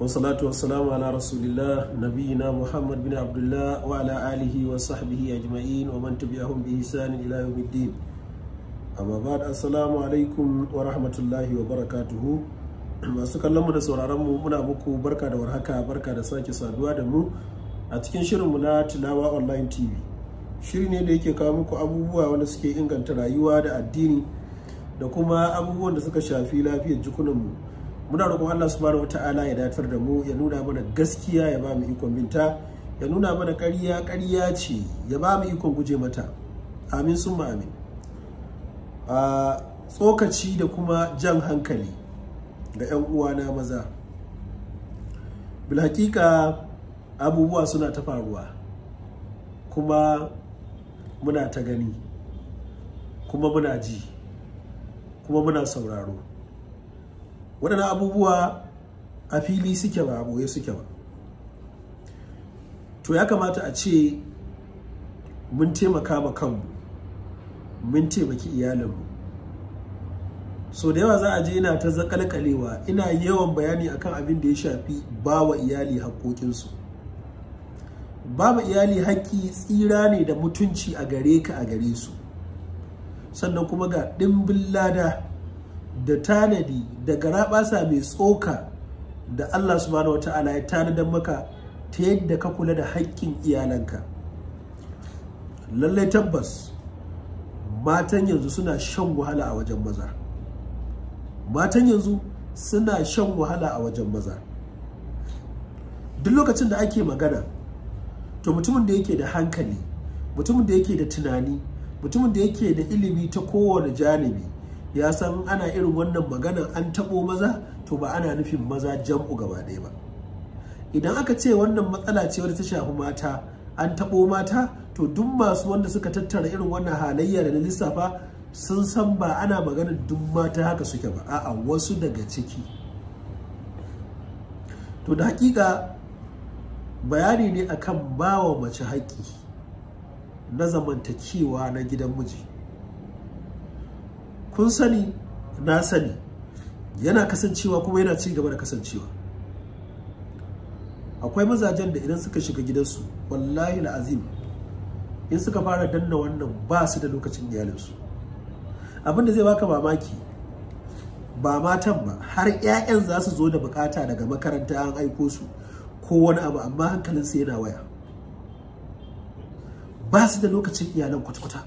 wasalatu wasalamu ala rasulillah nabiyina muhammad bin abdullah wa ala alihi wa sahbihi ajma'in wa man tabi'ahum bi ihsan ila yawmiddin amma ba'd assalamu alaikum wa rahmatullahi wa barakatuhu masu kallon mu da sauraron mu muna muku barka da warhaka barka da sake saduwa da mu a cikin shirin mu na tilawa online tv shiri ne da yake kawo muku abubuwa wanda suke inganta rayuwa da addini da kuma abubuwan da suka shafi lafiyar jikunanmu mu muna roƙon Allah subhanahu wata'ala ya datar da mu ya nuna mana gaskiya ya ba mu ikon binta ya nuna mana ƙarya ƙarya ce ya ba mu ikon guje mata amin sun amin a tsokaci da kuma jan hankali ga 'yan uwana maza bilhakika abubuwa suna ta faruwa kuma muna ta gani kuma muna ji kuma muna sauraro waɗannan abubuwa a fili suke ba a boye suke ba to ya kamata a ce mun taimaka ma kanmu mun taimaki iyalinmu so da yawa za a je ina ta zakalkalewa ina yawan bayani akan abin da ya shafi ba wa iyali haƙoƙinsu ba ma iyali haƙƙi tsira ne da mutunci a gare ka a gare su sannan kuma ga ɗimbin lada da tanadi da garaɓasa mai tsoka da Allah subhanahu wata'ala ya tanadar maka ta yadda ka kula da haƙƙin iyalanka lallai tabbas matan yanzu suna shan wahala a wajen maza matan yanzu suna shan wahala a wajen maza duk lokacin da ake magana to mutumin da yake da hankali mutumin da yake da tunani mutumin da yake da ilimi ta kowane janibi ya san ana irin wannan magana an taɓo maza to ba ana nufin maza jam'u gaba ɗaya ba idan aka ce wannan matsala ce wadda ta shafi mata an taɓo mata to duk masu wanda suka tattara irin wannan halayya da na lissafa sun san ba ana maganar duk mata haka suke ba a'a wasu daga ciki to da hakika bayani ne akan bawa mace haƙƙi na zamantakewa na gidan miji kun sani na sani yana kasancewa kuma yana ci gaba da kasancewa akwai mazajen da idan suka shiga gidansu wallahi azim in suka fara danna wannan ba su da lokacin iyalinsu abin da zai baka mamaki ba matan ba har 'ya'yan za su zo da bukata daga makaranta an aiko su ko wani abu amma hankalin su yana waya ba su da lokacin iyalin kwata-kwata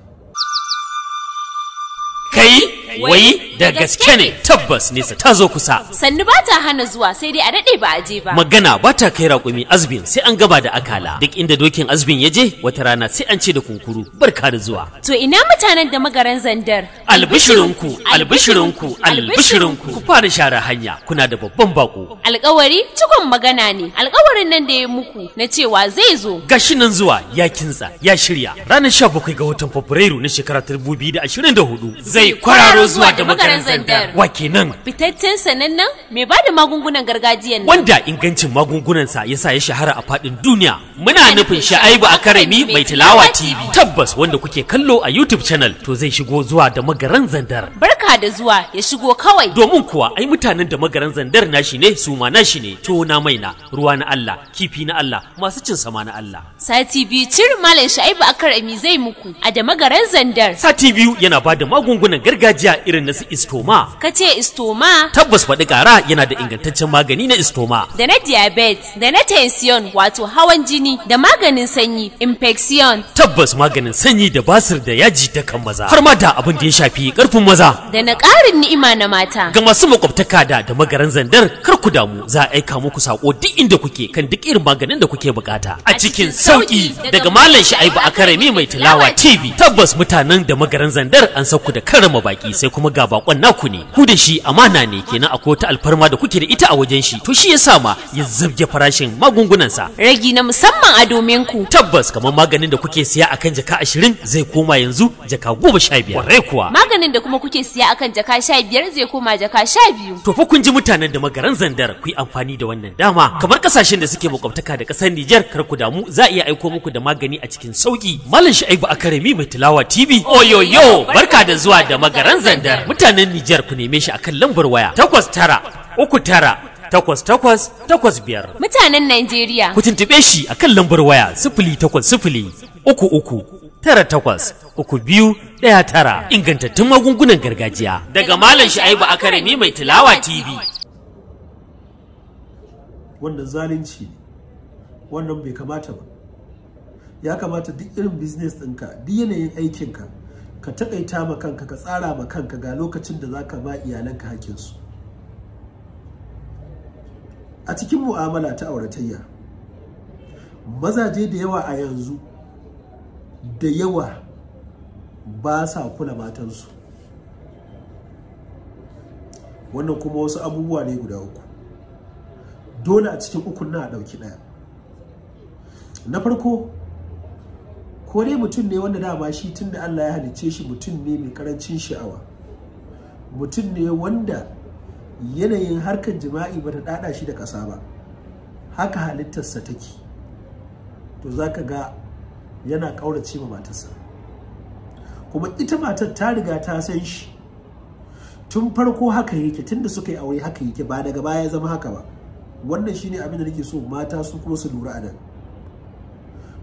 kai wai da gaske ne tabbas nesa ta zo kusa sannu ba ta hana zuwa sai dai a daɗe ba a je ba magana ba ta kai raƙumi azbin sai an gaba da akala duk inda dokin azbin ya je wata rana sai an ce da kunkuru barka da zuwa to ina mutanen da magaran zandar albishirinku albishirinku albishirinku ku fara share hanya kuna da babban bako alƙawari cikon magana ne alƙawarin nan da ya muku na cewa zai zo gashi nan zuwa ya kinsa ya shirya ranar 17 ga watan fabrairu na shekara 2024 zai kwararo zuwa da makaran zandar. Wa kenan? Fitaccen sanannen mai ba da magungunan gargajiyan nan. Wanda ingancin magungunansa ya sa ya shahara a fadin duniya. Muna nufin Sha'aibu a Karami mai tilawa TV. Tabbas wanda kuke kallo a YouTube channel to zai shigo zuwa da magaran zandar. barka da zuwa ya shigo kawai domin kuwa ai mutanen da magaran zandar nashi ne su ma nashi ne tuwo na mai na ruwa na Allah kifi na Allah masu cin sama na Allah sati biyu cir malam shaibu akarami zai muku a da magaran zandar sati biyu yana ba da magungunan gargajiya irin na su istoma ka ce istoma tabbas faɗi ƙara yana da ingantaccen magani na istoma da na diabetes da na tension wato hawan jini da maganin sanyi infection tabbas maganin sanyi da basir da yaji ta kan maza har ma da abin da ya shafi karfin maza da na ƙarin ni'ima na mata. Ga masu makwabtaka da da magaran zandar kar ku damu za a aika muku sako duk inda kuke kan duk irin maganin da kuke bukata. A cikin sauƙi daga Malam Sha'ibu Akarami mai tilawa TV tabbas mutanen da magaran zandar an sauku da karama baki sai kuma ga bakon naku ne. Ku da shi amana ne kenan a wata alfarma da kuke da ita a wajen shi to shi ya sa ma ya zabge farashin magungunansa. Ragi na musamman a domin ku. Tabbas kamar maganin da kuke siya akan jaka ashirin zai koma yanzu jaka goma sha biyar. Kwarai kuwa. Maganin da kuma kuke siya kila akan jaka sha biyar zai koma jaka sha biyu. To fa kun ji mutanen da magaran zandar ku yi amfani da wannan dama kamar kasashen da suke makwabtaka da kasar Nijar kar ku damu za a iya aiko muku da magani a cikin sauki. Malam Shu'aibu Akaremi mai tilawa TV. Oyoyo barka da zuwa da magaran zandar mutanen Nijar ku neme shi akan lambar waya takwas tara uku tara takwas takwas takwas biyar. Mutanen Najeriya. Ku tuntuɓe shi akan lambar waya sifili takwas sifili uku uku tara takwas uku biyu ɗaya tara ingantattun magungunan gargajiya daga malam sha'ibu akarami mai tilawa tv wannan zalunci wannan bai kamata ba ya kamata duk irin business ɗinka duk yanayin aikinka ka taƙaita ma kanka ka tsara ma kanka ga lokacin da za ka ba iyalanka hakinsu a cikin mu'amala ta auratayya mazaje da yawa a yanzu da yawa ba sa kula matansu wannan kuma wasu abubuwa ne guda uku dole a cikin uku na a ɗauki ɗaya na farko ko dai mutum ne wanda dama shi tun da Allah ya halicce shi mutum ne mai karancin sha'awa mutum ne wanda yanayin harkar jima'i ba ta ɗaɗa shi da ƙasa ba haka halittarsa take to zaka ga yana ƙaurace ma matarsa kuma ita matar ta riga ta san shi tun farko haka yake tunda suka yi aure haka yake ba daga baya zama haka ba wannan shine abin da nake so mata su kuma su lura a nan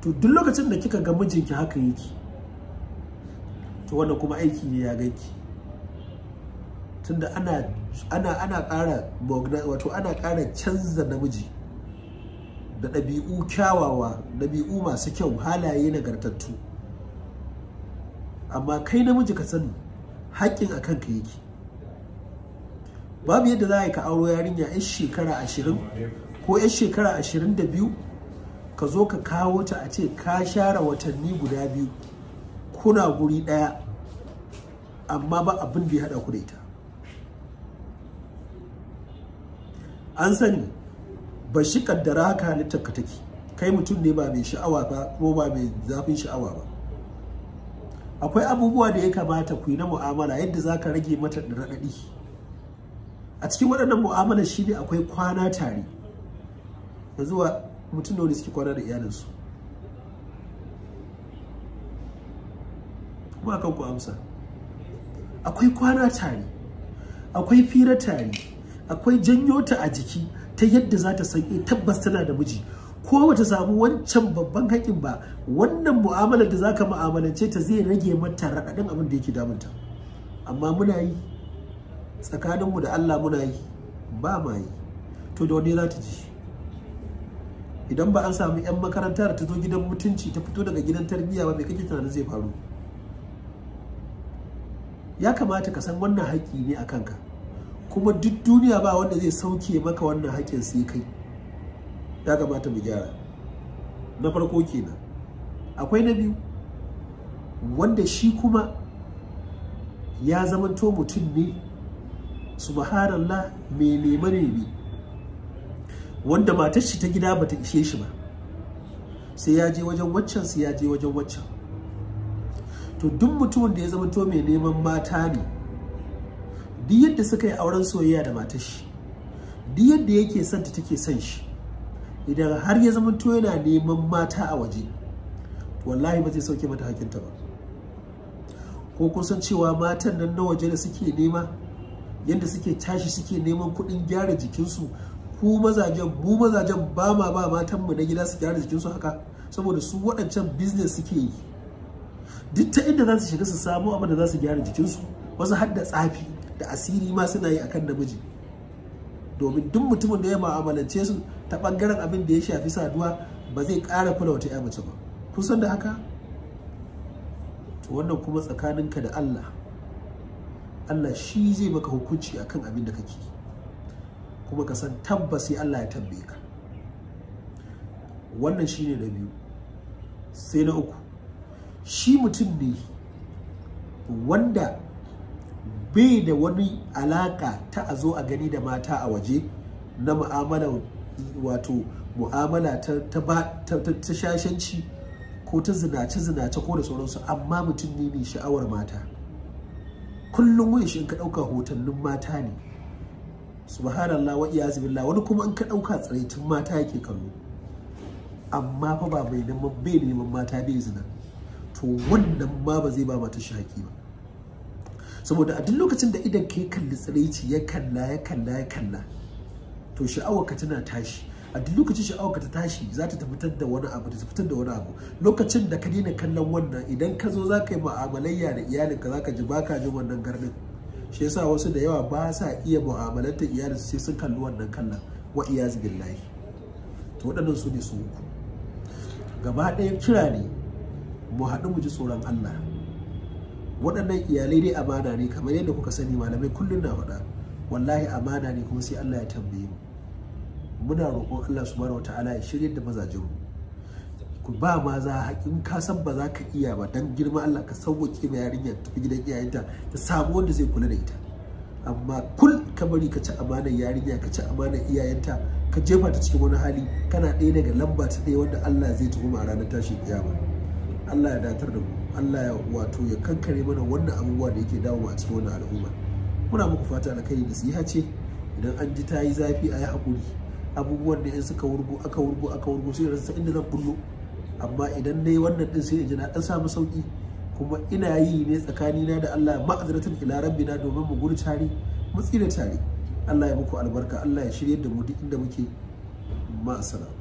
to duk lokacin da kika ga mijinki haka yake to wannan kuma aiki ne ya ganki tunda ana ana ana ƙara wato ana ƙara canza namiji da ɗabi'u kyawawa dabi'u masu kyau halaye nagartattu amma kai namiji ka sani haƙƙin a kanka yake babu yadda za a yi ka aro yarinya 'yan shekara ashirin ko 'yan shekara ashirin da biyu ka zo ka kawo ta a ce ka share watanni guda biyu kuna guri ɗaya amma ba abin da ya haɗa ku da ita an sani ba shi kaddara haka halittar ka take kai mutum ne ba mai sha'awa ba kuma ba mai zafin sha'awa ba akwai abubuwa da ya kamata ku yi na mu'amala yadda za ka rage mata raɗaɗi a cikin waɗannan mu'amala shi ne akwai kwana tare yanzu zuwa mutum da wani suke kwana da iyalinsu kuma kan ku amsa akwai kwana tare akwai fira tare akwai janyo ta a jiki ta yadda za ta san eh, tabbas tana da miji ko wata samu wancan babban haƙin ba wannan mu'amalar da zaka mu'amalance ta zai rage mata raɗaɗin abin da yake damunta amma muna yi tsakaninmu da Allah muna yi ba ma yi to da wani za ta ji idan ba an samu 'yan makaranta da ta zo gidan mutunci ta fito daga gidan tarbiyya ba mai kake tunanin zai faru ya kamata ka san wannan haƙƙi ne a kanka kuma duk duniya ba wanda zai sauke maka wannan haƙƙin sai kai ya kamata mu gyara na farko kenan akwai na biyu wanda shi kuma ya zamanto mutum ne subhanallah mai neman ne wanda matar shi ta gida bata ishe shi ba sai ya je wajen waccan sai ya je wajen waccan to duk mutumin da ya zamanto mai neman mata ne duk yadda suka yi auren soyayya da matar shi duk yadda yake son ta take son shi idan har ya zama to yana neman mata a waje wallahi ba zai sauke mata hakinta ba ko kusan cewa matan nan na waje da suke nema yadda suke tashi suke neman kuɗin gyara jikinsu ku mazajen mu mazajen ba ma ba matan mu na gida su gyara jikinsu haka saboda su waɗancan business suke yi duk ta inda za su shiga su samu abin da za su gyara jikinsu wasu har da tsafi da asiri ma suna yi akan namiji domin duk mutumin da ya ma'amalance su ta bangaren abin da ya shafi saduwa ba zai ƙara kula wata ya mace ba kusan da haka wannan kuma tsakaninka da Allah Allah shi zai maka hukunci akan abin da kake kuma ka san tabbas sai Allah ya tambaye ka wannan shi ne na biyu sai na uku shi mutum ne wanda bai da wani alaka ta a zo a gani da mata a waje na mu'amala wato mu'amala ta shashanci ko ta zinace-zinace ko da sauransu amma mutum ne mai sha'awar mata kullum wani shi in ka ɗauka hotannin mata ne subhanallah wa iya billah wani kuma in ka ɗauka tsiraicin mata yake kallo amma fa ba mai neman bai neman mata bai zina to wannan ma ba zai ba mata shaki ba saboda a duk lokacin da idan ka kalli tsiraici ya kalla ya kalla ya kalla to sha'awarka tana tashi a duk lokacin sha'awarka ta tashi za ta fitar da wani abu ta fitar da wani abu lokacin da ka daina kallon wannan idan ka zo za ka yi mu'amalayya da iyalinka za ka ji ba ka ji wannan garnin shi yasa wasu da yawa ba sa iya mu'amalantar iyalinsu sai sun kalli wannan kallon wa iyazu billahi to waɗannan su ne su uku gaba ɗaya kira ne mu haɗu mu ji tsoron Allah waɗannan iyalai dai amana ne kamar yadda kuka sani malamai kullum na faɗa wallahi amana ne kuma sai Allah ya tambaye mu muna roƙon Allah subhanahu wataala ya shirye da mazajen mu ku ba maza in ka san ba za ka iya ba dan girma Allah ka sauwaƙe ma yarinyar tafi gidan iyayenta ta samu wanda zai kula da ita amma kul ka bari ka ci amanar yarinya ka ci amanar iyayenta ka jefa ta cikin wani hali kana ɗaya daga lamba ta ɗaya wanda Allah zai tuhuma a ranar tashin kiyama Allah ya datar da mu Allah ya wato ya kankare mana wannan abubuwa da yake dawo a cikin wannan al'umma muna muku fata alkhairi nasiha ce idan an ji tayi zafi a yi haƙuri abubuwan da in suka wurgo aka wurgo aka wurgo sai rasa inda zan bullo amma idan na wannan din sai in ji na ɗan samu sauƙi kuma ina yi ne tsakanina da Allah ma'azratin ila rabbina domin mu gudu tare mu tsira tare Allah ya muku albarka Allah ya shirye da mu duk inda muke ma'asala